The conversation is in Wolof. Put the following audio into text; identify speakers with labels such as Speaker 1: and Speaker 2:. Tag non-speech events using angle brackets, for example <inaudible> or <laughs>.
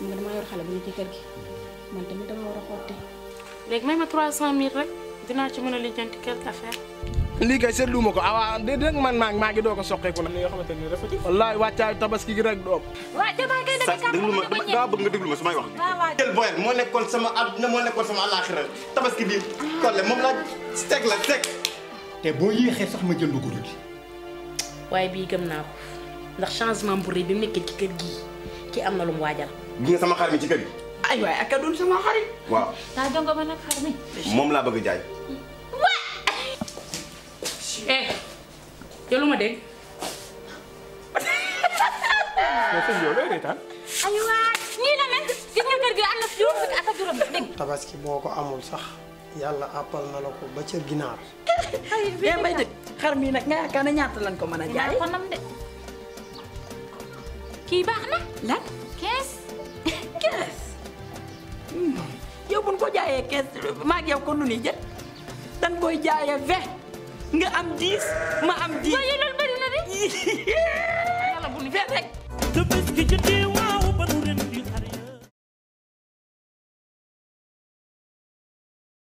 Speaker 1: xam nga damaa yor xale bu ne ci kër gi man tamit dama war a xotti. léegi may ma 300000 rek dinaa ci man a lijjanti quelque affaire. lii kay seetlu ma ko ah de dégg man maa ngi maa ngi doog a soqeeku nag. li nga xamante ne rafet na. wallaahi wàccaayu tabaski gi rek doom. waaw damaa koy demee kàddu nga déglu ma su may wax. waaw waaw jël booyal moo nekkoon sama àdduna moo nekkoon sama tabaski bi kolle ah. moom laa la teg. te boo ma jënd ko tuuti. waaye bii gëm naa ko ndax changement bu rëy bi mu nekkee ci ki am na lu mu waajal. gi nga sama xar mi ci kër gi. ay waay ak a doon sama xarit. waaw daa jongo nag xar moom laa bëgg a jaay. eh yow lu ma dégg. mais la mel gis nga kër gi am na juróom fukki ak juróom dégg. tabaski boo ko amul sax yàlla appal na la ko ba ca ginaar. <laughs> ay eh, béykat xar mi ñaata lañ ko mën a jaay. kii baax na lan kees <laughs> kees hmm. yow buñ ko jaayee kees maa ngi yow ko nu ni jël dañ koy jaayee vingt nga am dix ma am dix waaye loolu bëri na de <laughs> yàlla bu nu vingt rek